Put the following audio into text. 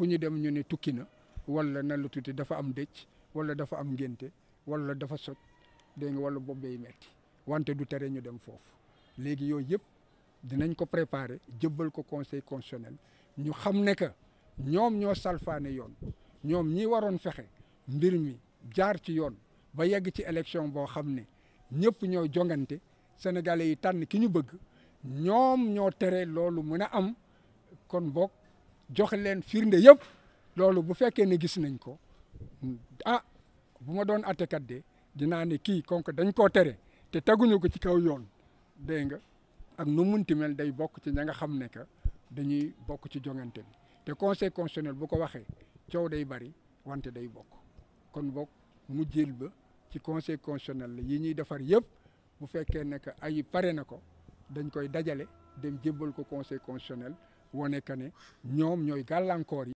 fu ñu dem ñu ne tukki na wala na lu dafa am dëj wala dafa am ngénte wala dafa soj dégg nga wala bopp bay metti wante du tere ñu dem foofu léegi yooyu yëpp dinañ ko préparer jëbbal ko conseil constitutionnel ñu xam ne que ñoom ñoo salfaane yoon ñoom ñi waroon fexe mbir mi jaar ci yoon ba yegg ci élection boo xam ne ñëpp ñoo jongante sénégalais yi tànn ki ñu bëgg ñoom ñoo tere loolu mën a am kon bokk jox leen firnde yëpp loolu bu fekkee ne gis nañ ko ah bu ma doon attekat de dinaa ne kii kon dañ koo tere te taguñu ko ci kaw yoon dégg nga ak nu munti mel day bokk ci ña nga xam ne que dañuy bokk ci joŋante bi te conseil constitutionnel bu ko waxee coow day bari wante day bokk kon bokk mu jël ba ci conseil constitutionnel la yi ñuy defar yëpp bu fekkee ne ay pare na ko dañ koy dajale dem jébbal ko conseil constitutionnel. wane ne ñoom ñooy gàllankoor yi